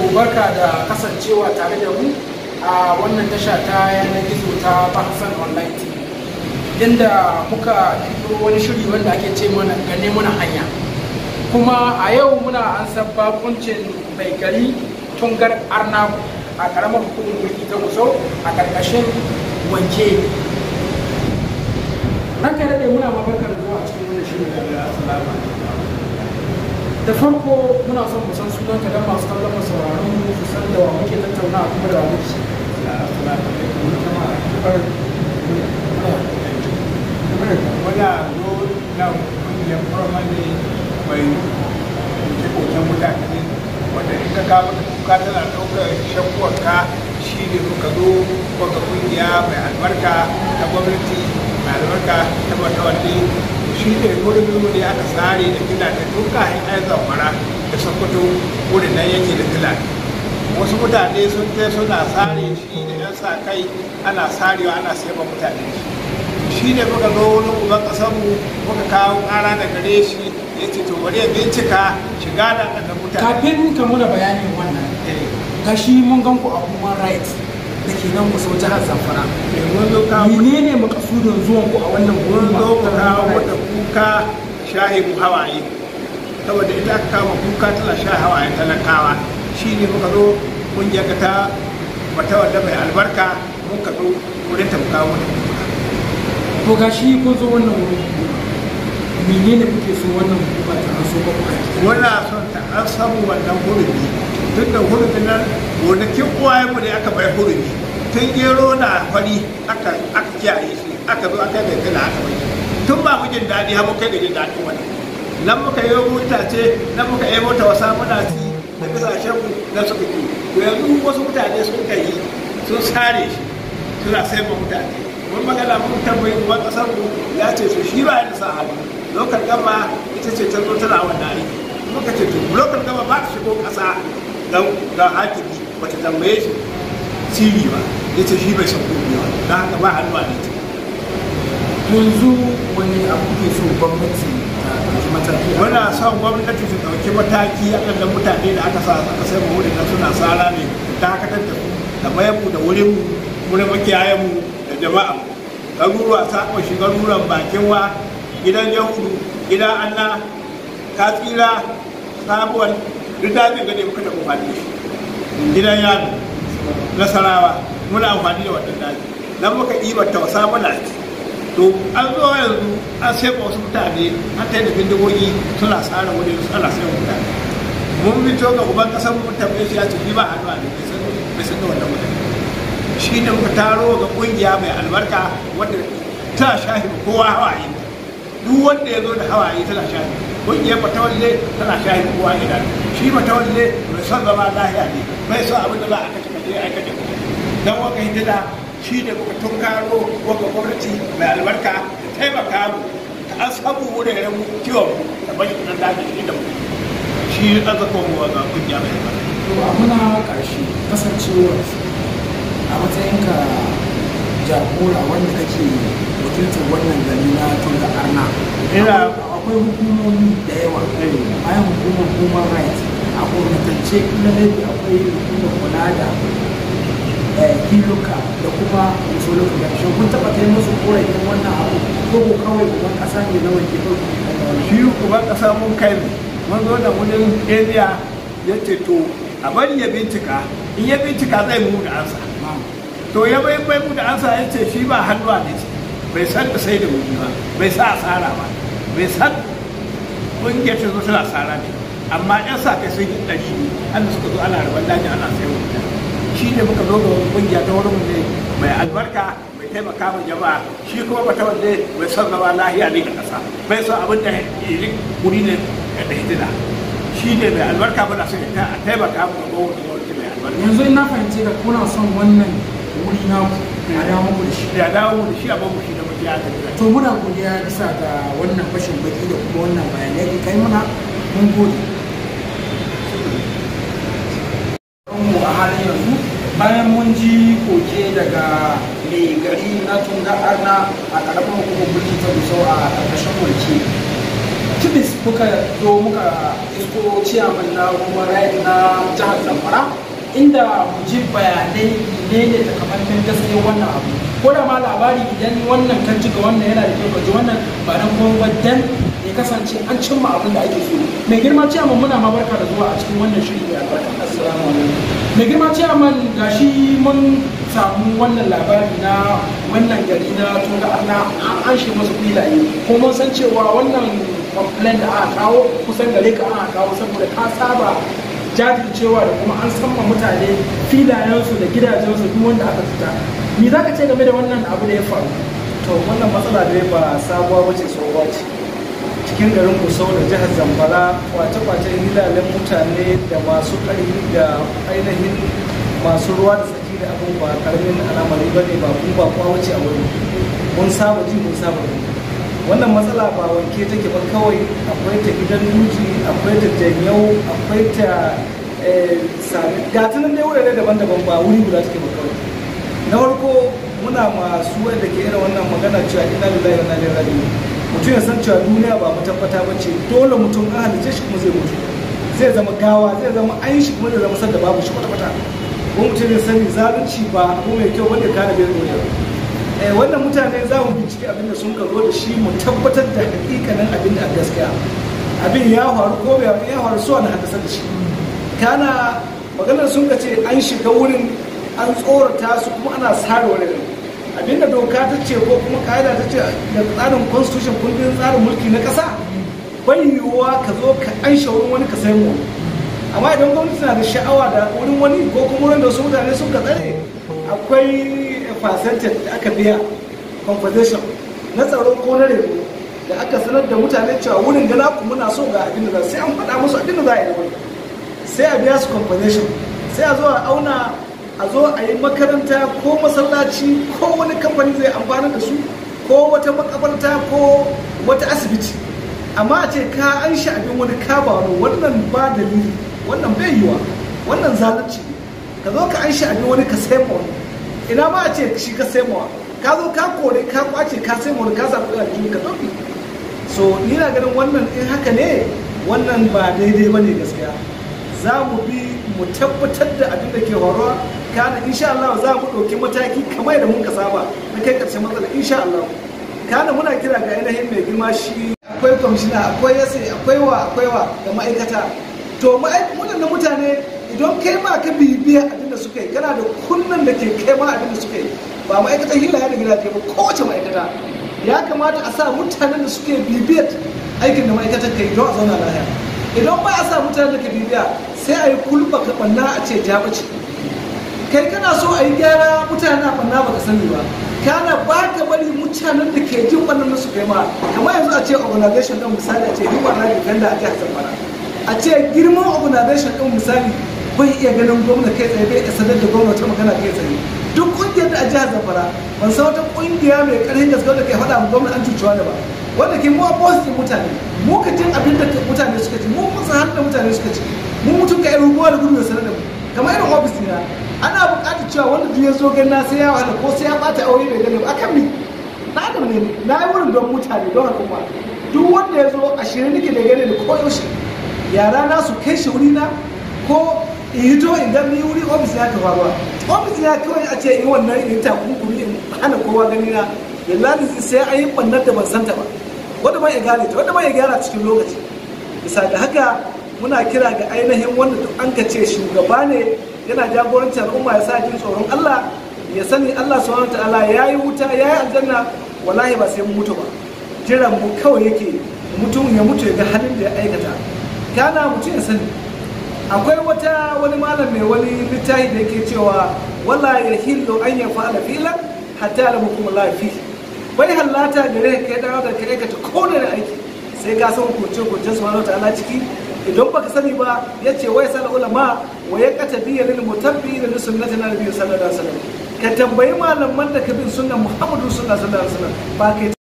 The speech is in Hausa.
mu barka da kasancewa tare da mu a wannan tasha ta yanar gizo ta "Pakistan online tv inda muka fito wani shiri wanda ake ce mana gane muna hanya kuma a yau muna an san bakuncin mai gari tungar Arnabu a karamar hukumar mulki ta a ƙarƙashin wanke ranka daɗe muna mabarkar zuwa cikin wannan shirin da assalamu da farko muna son kusan sunan ka dan masu kallon masu sauraron su san da wa muke tattauna a kuma da wa muke wala ah, na mai ke mutane wanda in ka kama tana ɗaukar shakkuwar ka shi ne zo kungiya mai albarka ta gwamnati mai albarka ta wata wani shi ne gurbin ne aka tsare da fila da duka ya zamfara da sokoto wurin nan yake da fila wasu mutane sun kai suna tsare shi da yan sa kai ana tsarewa ana sayarwa mutane shi ne muka zo wani uban ƙasarmu muka kawo ƙara da gare shi ya ce to bari ya bincika shiga da mutane kafin ka muna bayanin wannan eh. gashi mun gan ku a human rights da ke nan kusa jihar zamfara eh, mene ne makasudin zuwan ku a wannan gurin zo ku kawo da kuka shahi mu hawaye saboda ita aka kama kuka tana sha hawaye talakawa shi ne muka zo kungiyar ta wata wadda mai albarka mun ka zo wurin ta kawo da kuka to ga shi ko zo wannan wurin mene ne kuke so wannan hukuma ta an so ba ku wannan son ta an samu wannan gurin ne tun da hurumin nan gonakin mu ne aka bai hurumi tun gero na fari aka kiyaye shi aka zo aka kai da aka bai tun ba mu jin daɗi har muka yi jin daɗi wani nan muka yi mota ce nan muka yi mota wasa muna ci da kasashen mu na suka ci to yanzu wasu mutane sun kai sun sare shi suna sai ma mutane mun magana mun tambayi kuma kasar mu ya ce su shi ba yana sa hannu lokal gama ita ce ta zo tana wannan aiki muka ce to lokal gama ba ta shigo ƙasa dan dan hakimi bata tambaye shi sirri ba ya ce shi bai san kuɗi ba don haka ba hannu a nita yanzu wani abu ke so gwamnati ta ɗauki mataki muna son gwamnati ta ɗauki mataki kan da mutane da aka sa aka sai mu da suna tsara ne dakatar da su da mayar mu da wurin mu wurin makiyayen mu da jama'a mu garuruwa ta ƙunshi garuruwan bakin wa gidan yahudu gidan anna katsira sabuwar duk dajin gane muka taɓa amfani da gidan yaro nasarawa muna amfani da wannan daji dan muka ibar tausa mana a ciki to an zo yanzu an sai wasu mutane an ta yi da bindigogi suna tsara wani suna sai mutane mun fito ga uban kasar mu tambaye shi ya ce ba hannu a bai san bai san da wannan mutane shi ne muka taro ga kungiya mai albarka wanda ta shahi kowa hawaye duk wanda ya zo da hawaye tana shahi kungiyar fatawalle tana shahi kowa idanu shi mata wanne mai son zama lahiya ne mai son abin da za a kace kaje a kace don waka hidda shi da kuka karo waka gwamnati mai albarka da taimaka mu ta an samu wuraren yaren kiwon mu da ta bashi nan shi da mu shi azakon mu ga kunya mai ba. to a muna karshe kasancewar a matsayin ka jagora wanda kake wakiltar wannan gari na tun da arna akwai hukumomi da yawa eh. bayan hukumar human rights a gwamnatance kuma maybe akwai hukumar kula da eh, kiluka da kuma wasu da shi kun taɓa kai musu korafin wannan abu ko ko kawai uban ƙasa ne na wanke shi uban kasa mun kai mun zo da wani area ya ce to a bari ya bincika in ya bincika zai mu da ansa to ya bai bai mu da ansa ya ce shi ba hannuwa ne bai san da sai da wuri ba bai sa asara ba bai san ƙungiyar ta zo tana asara ne amma yan sa kai sun yi shi an suka zo ana rabar daji ana sayan wuta shi ne muka zo ga wani kungiya ta wurin ne mai albarka mai taimaka ma jama'a shi kuma bata wanda mai son zama lahiya ne ga ƙasa mai son abin da ya wuri ne ga da hidina shi ne mai albarka ba na son ta taimaka mu ga gwamnati mai albarka yanzu ina fahimci da kuna son wannan wuri na ya dawo mu da shi ya dawo mu da shi a ba mu shi da mutum ya tafi to muna godiya bisa ga wannan fashin baki da kuma wannan bayanai kai muna mun gode a halin yanzu bayan mun ji koke daga mai gari na tunga arna a karamar hukumar mulki ta gusau a karkashin mulki tibis muka zo muka isko ciyaman na kuma rayu na jihar zamfara inda mu ji bayanai ne ne takamaiman gaske wannan abu ko da ma labari idan wannan kan cika wannan yana da kyau ka ji wannan ba dan kuma wajen ya kasance an cimma abin da ake so mai girma ciyaman muna ma barka da zuwa a cikin wannan shiri ya albarka assalamu alaikum mai girma ce man gashi mun samu wannan labari na wannan gari na tunga ana an an shi masu filaye ko mun san cewa wannan complaint da aka kawo kusan gare ka aka kawo saboda ka saba jajircewa da kuma an san samma mutane filayensu da gidajensu duk wanda aka fita me zaka ce game da wannan abu da ya faru to wannan matsala da ba sabuwa bace tsohuwa ce cikin garin kusau da jihar zamfara kwace-kwacen hilalen mutane da masu ƙarfi da ainihin masu ruwa da tsaki da abin ba karamin al'amari ba ne ba kun ba kwa wuce a wuri mun saba ji mun saba ji wannan matsala ba wanke take ba kawai akwai ta gidan nuji akwai ta janyau akwai ta eh, sami gatunan dai wurare daban-daban ba wuri guda take ba kawai na farko muna masu wanda ke irin wannan magana cewa ina lillahi wa inna ilaihi mutum ya san cewa duniya ba matabbata ba ce dole mutum an halice shi kuma zai mutu zai zama gawa zai zama an shi kuma zai zama sanda babu shi kwata-kwata ko mutum ya sani zalunci ba abu mai kyau wanda ka da bai eh wannan mutane za mu bincike abin da sun karo da shi mu tabbatar da hakikanin abin da gaskiya abin ya faru ko bai ya faru so na hadasa da shi kana maganar sun ka ce an shiga wurin an tsorata su kuma ana sare wani abinda doka ta ce ko kuma ka'ida ta ce da tsarin constitution kundin tsarin mulki na ƙasa bai yiwuwa ka zo ka ansha wurin wani ka sai mu amma idan gwamnati na da sha'awa da wurin wani ko kuma wurin da wasu mutane sun ka tsare akwai percentage da aka biya compensation na tsaro ko na rebo da aka sanar da mutane cewa wurin gana ku muna so ga abin da za sai an faɗa musu abin da za a yi sai a biya su compensation sai a zo a auna a zo a yi makaranta ko masallaci ko wani kamfani zai amfana da su ko wata makabarta ko wata asibiti amma a ce ka an sha abin wani kabaro wannan ba dalili wannan bai yiwa wannan zalunci ka zo ka an sha abin wani ka sai ma wani ina ma a ce shi ka sai ma ka zo ka kore ka kwace ka sai ma ka samu a jini ka tofi so ni na ganin wannan in haka ne wannan ba daidai ba ne gaskiya za mu bi mu tabbatar da abin da ke horo kana insha Allah za mu ɗauki mataki kamar da ka saba na kai ƙarshen matsala insha Allah kana muna kira ga ainihin mai girma shi akwai kwamishina akwai yasa akwai wa akwai wa da ma'aikata to da mutane idan kai ma ka bibiya abin da suka yi kana da kunnan da ke kai ma abin da suka yi ba ma'aikatan hila ya da ke ba kowace ma'aikata ya kamata a sa mutanen da suke bibiyar aikin da ma'aikatan kai don a zauna lahiya idan ba a sa mutanen da ke bibiya sai a yi kulba ka banna a ce ja ce. kai kana so a yi gyara mutane na ɓanna baka sani ba kana ba ka bari mutanen da ke jin wannan su kai ma kamar yanzu a ce organization ɗin misali a ce yi wannan defender a jihar zamfara a ce girman organization ɗin misali bai iya ganin gwamna kai tsaye bai isa da da gwamnati magana kai tsaye duk kungiyar da a jihar zamfara ban san wata kungiya mai ƙarfin gaske da ke faɗa ma gwamnati an cuci wani ba wanda ke mu a mutane mu ka jin abin da mutane suka ci, mu kusa san da mutane suka ci. mu mutum ka irin ruwa da gudu da sanar da mu kamar irin ofis ne ana bukatar cewa wanda duk ya zo ganna sai ya wahala ko sai ya ɓata aure bai gane ba akan ni na adam ne na yi wurin don mutane don al'umma duk wanda ya zo a shirin nake da gane da koyaushe yara na su kai shi wuri na ko in hito in ga ni wuri ofis ya kafa ba ofis ya kawai a ce in wannan in takunkuri in hana kowa gani na yallani sai a yi ɓannar da ban santa ba wanda ban ya gane ta wanda ban ya gyara cikin lokaci bisa da haka muna kira ga ainihin wanda duk an ce shugaba ne yana jagorancin al'umma ya sa jin tsoron Allah ya sani Allah subhanahu ta'ala yayi wuta yayi aljanna wallahi ba sai mu mutu ba jiran mu kawai yake mutum ya mutu ga halin da ya aikata kana mutum ya sani akwai wata wani malam mai wani littafi da yake cewa wala ya hillo an ya fa'ala filan hatta la hukum lafi bai halata gare ka kai da ka aikata ko aiki sai ka san hukunce hukuncen subhanahu ta'ala ciki idan baka sani ba ya ce wai sa ulama wa ya kata biya lil mutabbi lil sunnati na nabi sallallahu alaihi wasallam ka tambayi malaman da ka bin sunnan muhammadu sallallahu alaihi wasallam ba